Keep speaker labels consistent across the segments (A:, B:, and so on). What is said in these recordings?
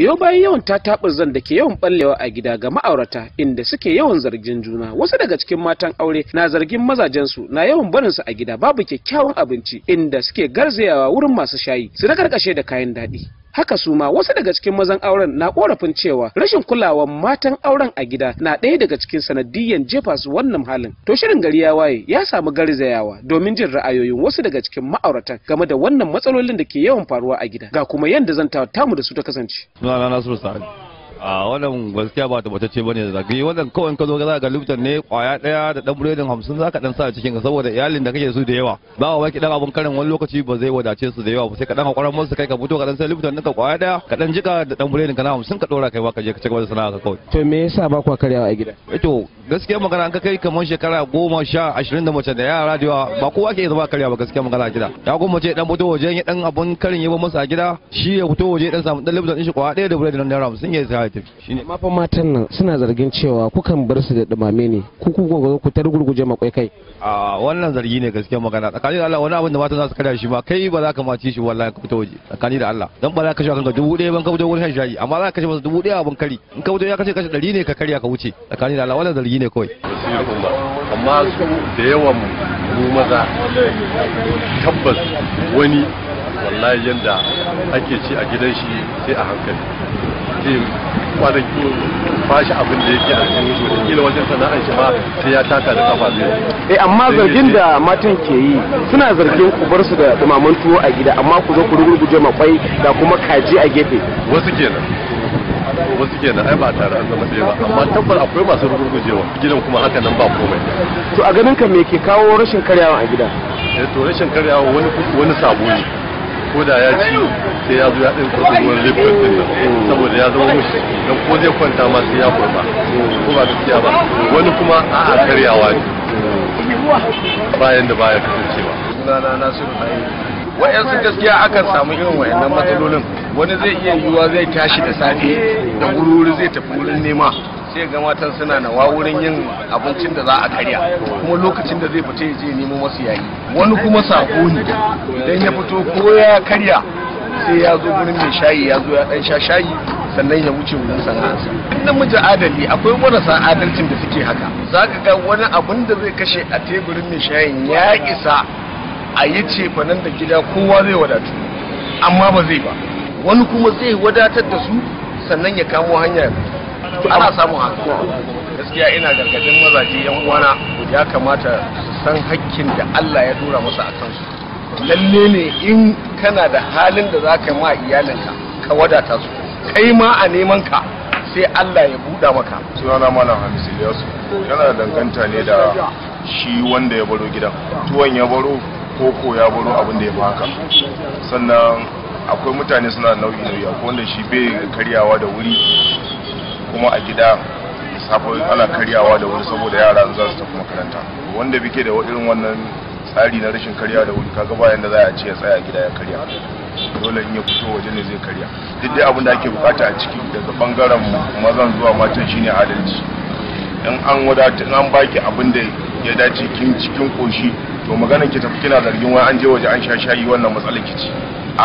A: biyo bayan yawan ta zan da ke yawan ɓallewa a gida ga ma'aurata inda suke yawan zargin juna wasu daga cikin matan aure na zargin mazajensu na yawan barin su a gida babu kyakkyawan abinci inda suke garzayawa wurin masu shayi su na karkashe da kayan daɗi haka su ma wasu daga cikin mazan auren na korafin cewa rashin kulawa matan auren a gida na ɗaya daga cikin sanadiyyan jefa su wannan halin to shirin gari ya waye ya samu garzayawa domin jin ra'ayoyin wasu daga cikin ma'auratan game da wannan matsalolin da ke yawan faruwa a gida ga kuma yadda zan tamu da su ta kasance
B: sunana nasiru a wannan gaskiya ba tabbatacce bane da zagaye wannan kawai ka zo ga zaka lubtan ne kwaya daya da dan buredin 50 zaka dan sa cikin ka saboda iyalin da kake su da yawa ba wa baki dan abun karin wani lokaci ba zai wadace su da yawa sai ka dan hakuran musu kai ka fito ka dan sai lubtan ɗinka kwaya daya ka dan jika da dan buredin ka na 50 ka dora kai ba ka je ka cigaba da sana'a ka kawai
A: to me yasa ba kwa karyawa a gida
B: eh to gaskiya magana an ka kai kamar shekara 10 sha ashirin da mace da yara radio ba kowa ke zuba karya ba gaskiya magana a gida ya goma ce dan fito waje dan abun karin yabo masa a gida shi ya fito waje dan samu dan lubtan din shi kwaya daya da buredin nan da 50 ya sai tafi shine amma fa
A: matan nan suna zargin cewa kukan bar su da dumame ne ku ku gogo ku tar gurguje makwai kai
B: a wannan zargi ne gaskiya magana tsakanin Allah wani abin da matan za su kada shi ma kai ba za ka mace shi wallahi ka fita waje tsakani da Allah dan ba za ka shi kanka dubu ɗaya ban ka fito wurin shayi amma za ka kashe masa dubu ɗaya ban kari in ka fito ya kashe kashe ɗari ne ka karya ka wuce tsakani da Allah wannan zargi ne kawai
C: amma su da yawan mu maza tabbas wani wallahi yanda ake ci a gidan shi sai a hankali kwanan ba fashi abin da yake a cikin shi kila wajen sana'ar shi ma sai ya taka da kafa zai
A: eh amma zargin da matan ke yi suna zargin ku bar su da dumaman tuwo a gida amma ku zo ku
C: rugurguje makwai da kuma kaji a gefe
B: wasu kenan wasu ke ai ba tare
C: an zama ba amma tabbar akwai masu rugujewa gidan kuma haka nan ba komai to a ganin ka me ke kawo rashin karyawa a gida eh to rashin karyawa wani wani sabo ne ko da ya ci sai ya zo ya ɗin kurɗin ruwan lifin din nan saboda ya zama mushi don ko zai kwanta ma sai ya kurɓa ko ba gaskiya ba wani kuma a karyawa ne bayan da baya kasancewa sunana sun ta'ayi wa'yansu gaskiya akan samu irin wayannan matsalolin wani zai iya yiwuwa zai tashi da safe da wuri zai tafi wurin nema sai ga matan suna nawa wurin yin abincin da za a karya kuma lokacin da zai fita ya je nemo masu yayi wani kuma sako ne idan ya fito ko ya karya sai ya zo wurin mai shayi ya zo ya dan sha shayi sannan ya wuce wurin sana'arsa in namiji adali akwai marasa adalcin da suke haka za ka ga wani abun da zai kashe a teburin mai shayin ya isa a yi cefanen da gida kowa zai wadatu amma ba zai ba wani kuma zai wadatar da su sannan ya kamo hanya ana samun haka gaskiya ina gargadin mazaje yan uwana ya kamata san hakkin da Allah ya dora masa a kansu lalle ne in kana da halin da za ka ma iyalinka ka wadata su kai ma a neman ka sai Allah ya buɗa maka sunana malam Hamis yana danganta ne da shi wanda ya baro gidan tuwon ya baro koko ya baro abin da ya fi haka sannan akwai mutane suna nau'i nau'i akwai wanda shi bai karyawa da wuri kuma a gida safe ana karyawa da wuri saboda yara za su tafi makaranta wanda bike da irin wannan tsari na rashin karya da wuri kaga bayan da za a ce ya tsaya gida ya karya dole in ya fito waje ne zai karya duk dai abin da ake bukata a ciki daga bangaren mazan zuwa matan shine adalci in an wadata in an baki abin da ya dace kin cikin koshi to magana ki tafi kina zargin wai an je waje an sha shayi wannan matsalar ki ci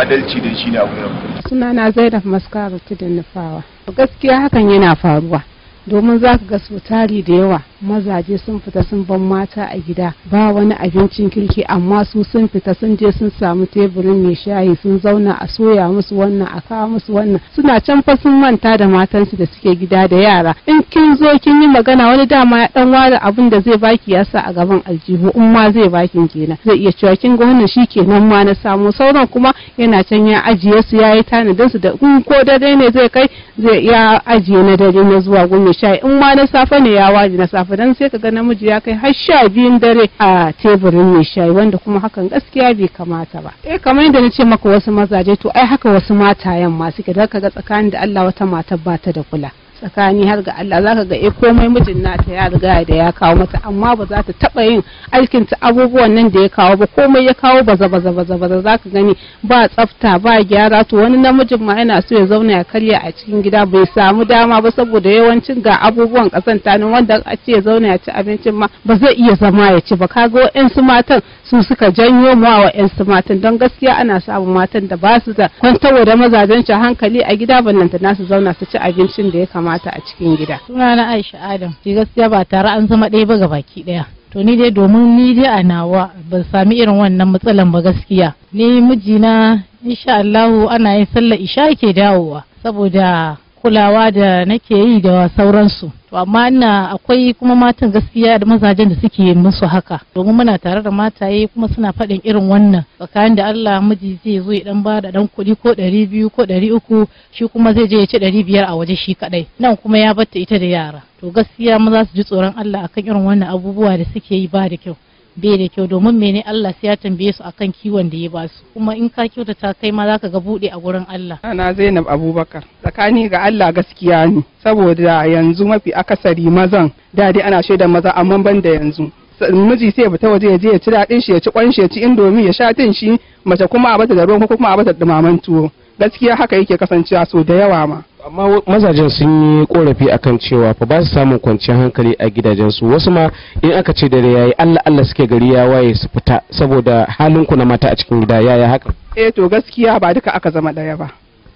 C: adalci dai shine abin da
D: sunana Zainab Maskara tudun nufawa gaskiya hakan yana faruwa domin za ka ga sau tari da yawa mazaje sun fita sun ban mata a gida ba wani abincin kirki amma su sun fita sun je sun samu teburin mai shayi sun zauna a soya musu wannan a kawo musu wannan suna can fa sun manta da matansu da suke gida da yara in kin zo kin yi magana wani dama ya dan ware abin da zai baki ya sa a gaban aljihu in ma zai baki kenan zai iya cewa kin ga wannan shikenan ma na samu sauran kuma yana can ya ajiye su ya yi tanadin su da in ko dare ne zai kai zai ya ajiye na dare na zuwa gumi shayi in ma na safe ne ya waje na safe ba sai ka ga namiji ya kai har sha biyun dare a teburin mai shayi wanda kuma hakan gaskiya bai kamata ba eh kamar yadda na ce maka wasu mazaje to ai haka wasu mata yamma suke da ka ga tsakanin da Allah wata matar ba ta da kula tsakani har ga Allah zaka ga eh komai mijin nata ya riga da ya kawo mata amma ba za ta taba yin aikin ta abubuwan nan da ya kawo ba komai ya kawo baza baza baza baza zaka gani ba tsafta ba gyara to wani namijin ma yana so ya zauna ya karya a cikin gida bai samu dama ba saboda yawancin ga abubuwan kasanta nan wanda a ce ya zauna ya ci abincin ma ba zai iya zama ya ci ba kaga su matan su suka janyo mu wa su matan don gaskiya ana samun matan da ba su da kwantawa da mazajen hankali a gida ban nan nasu zauna su ci abincin da ya kamata kamata a cikin gida. Sunana Aisha Adam, ki gaskiya ba tare an zama ɗaya ba gabaki ɗaya. To ni dai domin ni dai a nawa ban sami irin wannan matsalan ba gaskiya. Ni mijina insha Allahu ana yin sallar isha ke dawowa saboda kulawa da nake yi da sauransu to amma ina akwai kuma matan gaskiya da mazajen da suke musu haka domin muna tare da mataye kuma suna faɗin irin wannan tsakanin da Allah miji zai zo ya dan ba da dan kuɗi ko ɗari biyu ko ɗari uku shi kuma zai je ya ci ɗari biyar a waje shi kaɗai nan kuma ya batta ita da yara to gaskiya maza su ji tsoron Allah akan irin wannan abubuwa da suke yi ba da kyau bai da kyau domin mene Allah sai ya tambaye su akan kiwon da ya ba su kuma in ka kyauta ta kai ma ka ga bude a gurin Allah ana
E: Zainab Abubakar tsakani ga Allah gaskiya ne saboda yanzu mafi akasari mazan da ana shaidar maza amma ban da yanzu miji sai fita waje ya je ya ci daɗin shi ya ci ƙwan shi ya ci indomi ya sha tin shi mace kuma a bata da ruwan ko kuma a bata dumaman tuwo gaskiya haka yake kasancewa so da yawa ma
A: amma mazajen sun yi korafi akan cewa fa ba su samun kwanciyar hankali a gidajensu wasu ma in aka ce dare yayi Allah Allah suke gari ya waye su fita saboda halin ku na mata a cikin gida yaya haka
E: eh to gaskiya ba duka aka zama daya ba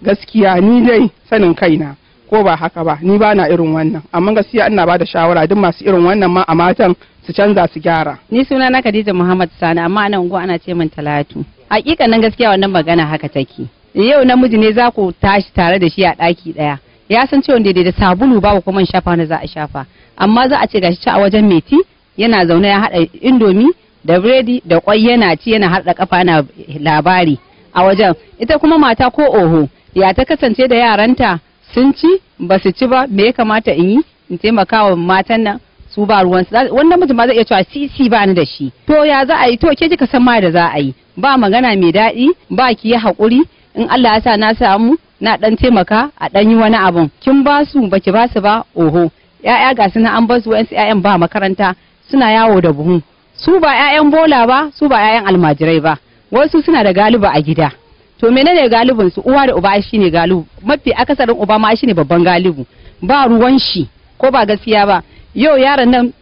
E: gaskiya ni dai sanin kaina ko ba haka ba ni ba na irin wannan amma gaskiya ina ba da shawara duk masu irin wannan ma a matan su canza su gyara
F: ni suna na Khadija Muhammad Sani amma anan unguwa ana ce min Talatu hakikanin gaskiya wannan magana haka take yau namiji ne za ku tashi tare da shi a ɗaki ɗaya ya san cewa daidai da sabulu babu kuma shafa na za a shafa amma za a ce gashi ci a wajen meti yana zaune ya haɗa indomi da biredi da kwai yana ci yana harɗa kafa na labari a wajen ita kuma mata ko oho ya ta kasance da yaranta sun ci ba su ci ba me ya kamata in yi in taimaka wa matan nan su ba ruwan su wannan mutum ma zai iya cewa sisi ba ni da shi to ya za a yi to ke kika san ma da za a yi ba magana mai daɗi ba ki yi haƙuri in Allah ya sa na samu na dan taimaka a dan yi wani abun kin ba su baki ba su ba oho ya'ya ga su na an basu su wa'ansu ya'yan ba makaranta suna yawo da buhu su ba ya'yan bola ba su ba ya'yan almajirai ba wasu suna da galiba a gida to menene galibin su uwa da uba shine galibu mafi akasarin uba ma shine babban galibu ba ruwan shi ko ba gaskiya ba yau yaron nan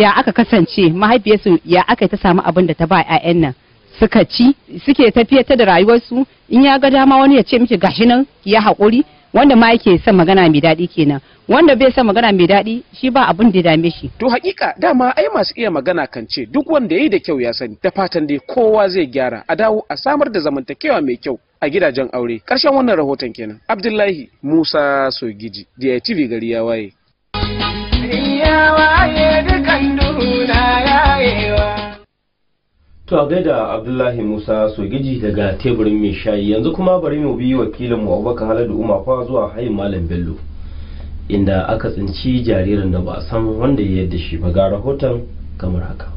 F: ya aka kasance mahaifiyarsu ya aka ta samu abin da ta ba 'ya'yan nan suka ci suke tafiyata da rayuwarsu in ya ga dama wani ya ce miki gashi nan ya hakuri wanda ma yake son magana mai daɗi kenan wanda bai son magana mai daɗi shi ba abin da dame shi
A: to hakika dama ai masu iya magana kan ce duk wanda yayi da kyau ya sani da fatan dai kowa zai gyara a dawo a samar da zamantakewa mai kyau a gidajen aure karshen wannan rahoton kenan abdullahi musa sogiji DITV gari ya waye
D: ya waye dukan
C: To a gaida Abdullahi Musa Sogiji daga teburin mai shayi yanzu kuma bari mu bi wakilin mu Abubakar Haladu Umar zuwa hayin Malam Bello inda aka
G: tsinci jaririn da ba san wanda ya yadda shi ba ga rahoton kamar haka.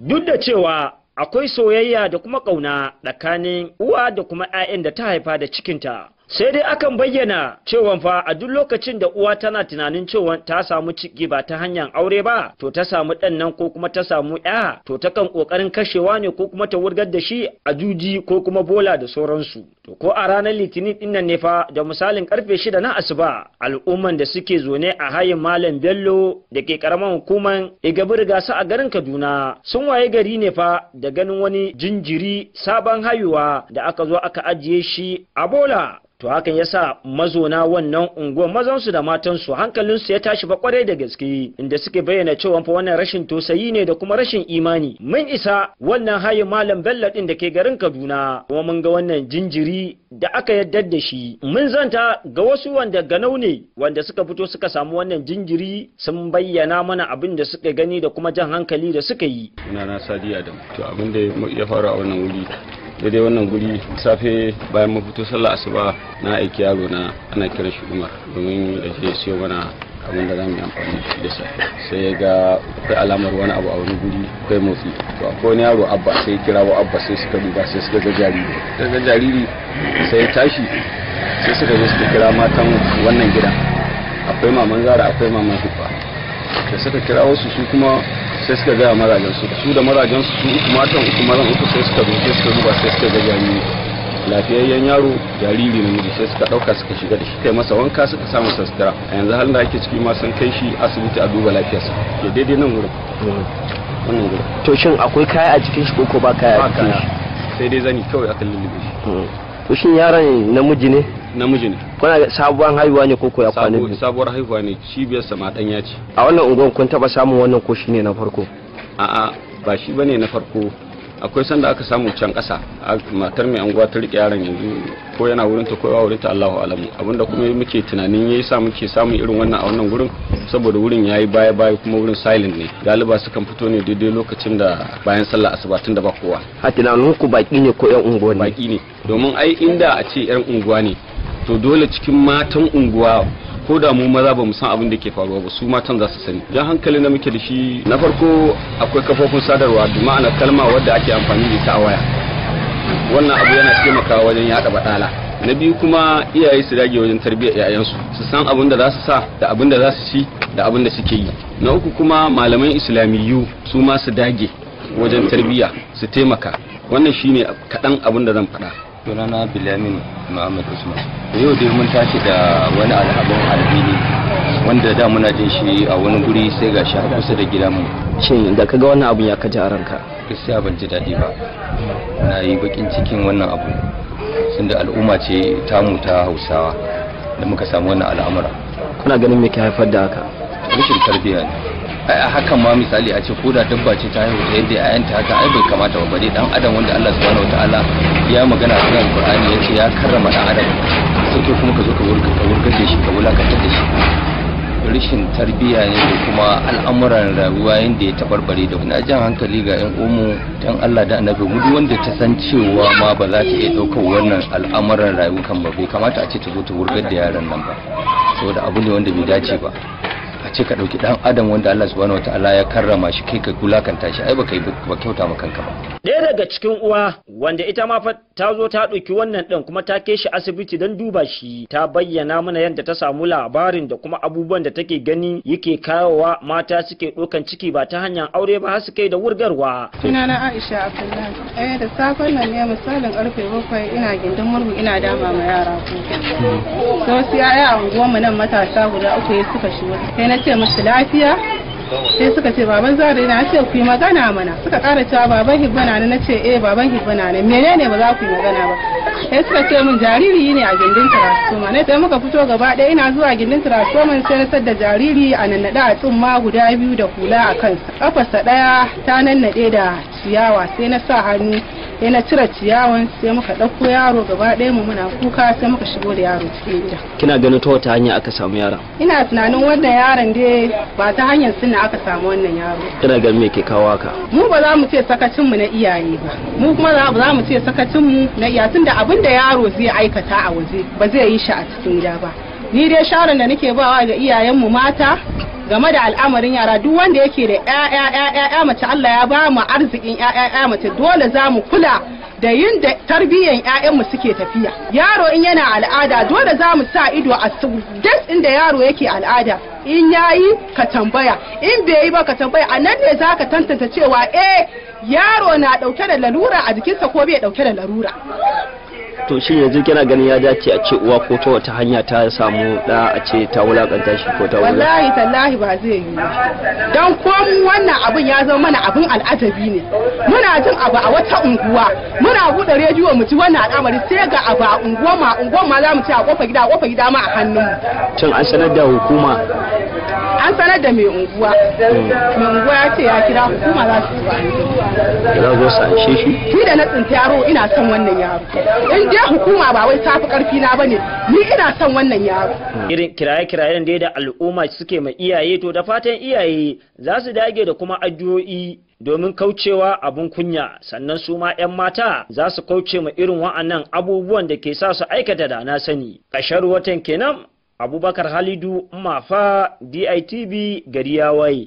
G: Duk da cewa akwai soyayya da kuma ƙauna tsakanin uwa da kuma 'ya'yan da ta haifa da cikinta. sai dai akan bayyana cewa fa a duk lokacin da uwa tana tunanin cewa ta samu ciki ba ta hanyar aure ba to ta samu ɗan nan ko kuma ta samu ya to ta kan ƙoƙarin kashewa ne ko kuma ta wurgar da shi a juji ko kuma bola da sauransu to ko a ranar litinin din nan ne fa da misalin karfe shida na asuba al'umman da suke zone a hayin malam bello da ke karaman hukuman igabi riga a garin kaduna sun waye gari ne fa da ganin wani jinjiri sabon hayuwa da aka zo aka ajiye shi a bola to hakan yasa mazona wannan unguwar mazansu da matansu hankalinsu ya tashi ba kwarai da gaske inda suke bayyana cewa fa wannan rashin tosayi ne da kuma rashin imani mun isa wannan hayin malam bello din da ke garin kaduna kuma mun ga wannan jinjiri da aka yadda da shi mun zanta ga wasu wanda ganau ne wanda suka fito suka samu wannan jinjiri sun bayyana mana abin da suka gani da kuma jan hankali da suka yi
C: ina na sadiya da to abin da ya faru a wannan wuri daidai wannan guri safe bayan mun fito sallah asuba na aiki yaro na ana kiran shi umar domin da ke siyo mana abin da zamu yi amfani da shi sai ya ga akwai alamar wani abu a wani guri akwai motsi to akwai wani yaro abba sai kira wa abba sai suka duba sai suka ga jariri sai ga jariri sai ya tashi sai suka zo suka kira matan wannan gida akwai maman zara akwai maman hibba da suka kira wasu su kuma sai suka gaya marajansu su su da marajansu su su uku matan uku maran uku sai suka zo suka duba sai suka ga jariri lafiyayyen yaro jariri na miji sai suka dauka suka shiga da shi kai masa wanka suka samu saskara a yanzu halin da ake ciki ma san kai shi asibiti a duba lafiyarsa ke daidai nan wurin wannan gurin to shin akwai kaya a cikin shi ko ba kaya a cikin shi sai dai zani kawai akan lullube shi hmm. to shin yaron namiji ne namiji ne kuna sabuwar haihuwa ne ko koya kwana biyu sabuwar haihuwa ne cibiyar sa ya ce a wannan
G: unguwar kun taba samun wannan ko shine na farko
C: a ba shi bane na farko akwai sanda aka samu can kasa matar mai anguwa ta rike yaron yanzu ko yana wurin ta koyawa wurin ta Allahu alamu abinda kuma muke tunanin yayi sa muke samun irin wannan a wannan gurin saboda wurin yayi baya baya kuma wurin silent ne galiba sukan fito ne daidai lokacin da bayan sallah asuba tunda da ba kowa
A: a nan ku baki ne ko yan unguwa ne baki ne
C: domin ai inda a ce yan unguwa ne to dole cikin matan unguwa ko da mu maza ba mu san abin da ke faruwa ba su matan za su sani dan hankali na muke da shi na farko akwai kafofin sadarwa da ma'ana kalma wadda ake amfani da ita a waya wannan abu yana taimakawa wajen yada baɗala na biyu kuma iyaye su dage wajen tarbiyyar yayansu su san abin da za su sa da abin da za su ci da abin da suke yi na uku kuma malaman islamiyyu su ma su dage wajen tarbiyya su taimaka wannan shine kaɗan abin da zan faɗa
H: sunana bilamin muhammad usman yau dai mun tashi da wani alhabin albini wanda da muna jin shi a wani guri sai ga shi kusa da gidanmu shin da kaga wannan abun ya kaji a ranka gaskiya ban ji daɗi ba na yi bakin cikin wannan abu da al'umma ce ta ta hausawa da muka samu wannan al'amura kuna ganin me ke haifar da haka rashin tarbiyya ne a hakan ma misali a ce ko da dabba ce ta haihu ta yadda ayanta haka ai bai kamata ba bare dan adam wanda Allah subhanahu wataala ya magana a cikin Qur'ani yace ya karrama dan adam sai kuma ka zo ka wurga ka wurga da shi ka wulakanta da shi rashin tarbiyya ne da kuma al'amuran rayuwa yadda ya tabarbare da na jan hankali ga yan umu dan Allah da annabi mu wanda ta san cewa ma ba za ta iya daukar wannan al'amuran kan ba bai kamata a ce ta zo ta wurgar da yaran nan ba saboda abu ne wanda bai dace ba ce ka ɗauki ɗan adam wanda Allah subhanahu wataala ya karrama shi kai ka gulakanta shi ai baka yi ba kyauta ma kanka ba
G: ɗaya daga cikin uwa wanda ita ma ta zo ta ɗauki wannan ɗin kuma ta kai shi asibiti don duba shi ta bayyana mana yadda ta samu labarin da kuma abubuwan da take gani yake kawowa mata suke ɗaukan ciki ba ta hanyar aure ba har su kai da wurgarwa sunana
E: Aisha Abdullahi eh da safen nan ne misalin karfe bakwai ina gindin murhu ina dama ma yara ko sai ya yaya a mu nan matasa guda uku suka shigo sai na ce musu lafiya sai suka ce baban zare na ce ku yi magana mana suka kara cewa baban hibbana ne na ce eh baban mene ne menene ba za ku yi magana ba sai suka ce min jariri ne a gindin transformer na sai muka fito gaba ɗaya ina zuwa gindin transformer sai na sadda jariri a nannaɗe a tsumma guda biyu da hula a kansa kafarsa ɗaya ta nannaɗe da ciyawa sai na sa hannu sai na cire ciyawan sai muka ɗauko yaro gaba ɗaya mu muna kuka sai muka shigo da yaro cikin ita.
G: kina ganin ta wata hanya aka samu yaron
E: ina tunanin wannan yaron dai ba ta hanyar sunna aka samu wannan yaro
G: kina ganin me ke kawo haka
E: mu ba za mu ce sakacin mu na iyaye ba mu kuma ba za mu ce sakacin mu na iyaye tunda abin da yaro zai aikata a waje ba zai yi shi a cikin gida ba ni dai sharon da nake bawa ga iyayenmu mata game da al'amarin yara duk wanda yake da ƴaƴa mace Allah ya ba mu arzikin ƴaƴa mace dole za mu kula da yin da tarbiyyar ya'yanmu suke tafiya yaro in yana al'ada dole za mu sa ido a duk inda yaro yake al'ada in yayi ka tambaya in bai yi ba ka tambaya a nan ne za ka tantance cewa eh yaro na dauke da lalura a jikinsa ko bai dauke da larura
G: to shi yanzu kina ganin ya dace a ce uwa ko ta wata hanya ta samu da a ce ta wulakanta shi ko ta wulakanta wallahi
E: tallahi ba zai yi dan ko mu wannan abin ya zama mana abin al'ajabi ne muna jin abu a wata unguwa muna bude rediyo mu ji wannan al'amari sai ga abu a unguwa ma unguwa ma za mu ci a kofa gida a kofa gida ma a hannun mu
G: tun an sanar da hukuma
E: an sanar da mai unguwa hmm. mai unguwa ya ce ya kira hukuma za su yi wa za zo sa shi shi da na tsinta yaro ina son wannan yaro je hukuma ba wai tafi karfi na bane ni ina son wannan yaro
G: irin kiraye kirayen da da al'umma suke ma iyaye to da fatan iyaye za su dage da kuma addu'o'i domin kaucewa abun kunya sannan su ma 'yan mata za su kauce ma irin wa'annan abubuwan da ke sa su aikata da na sani ƙashar watan kenan abubakar halidu mafa ditv gari ya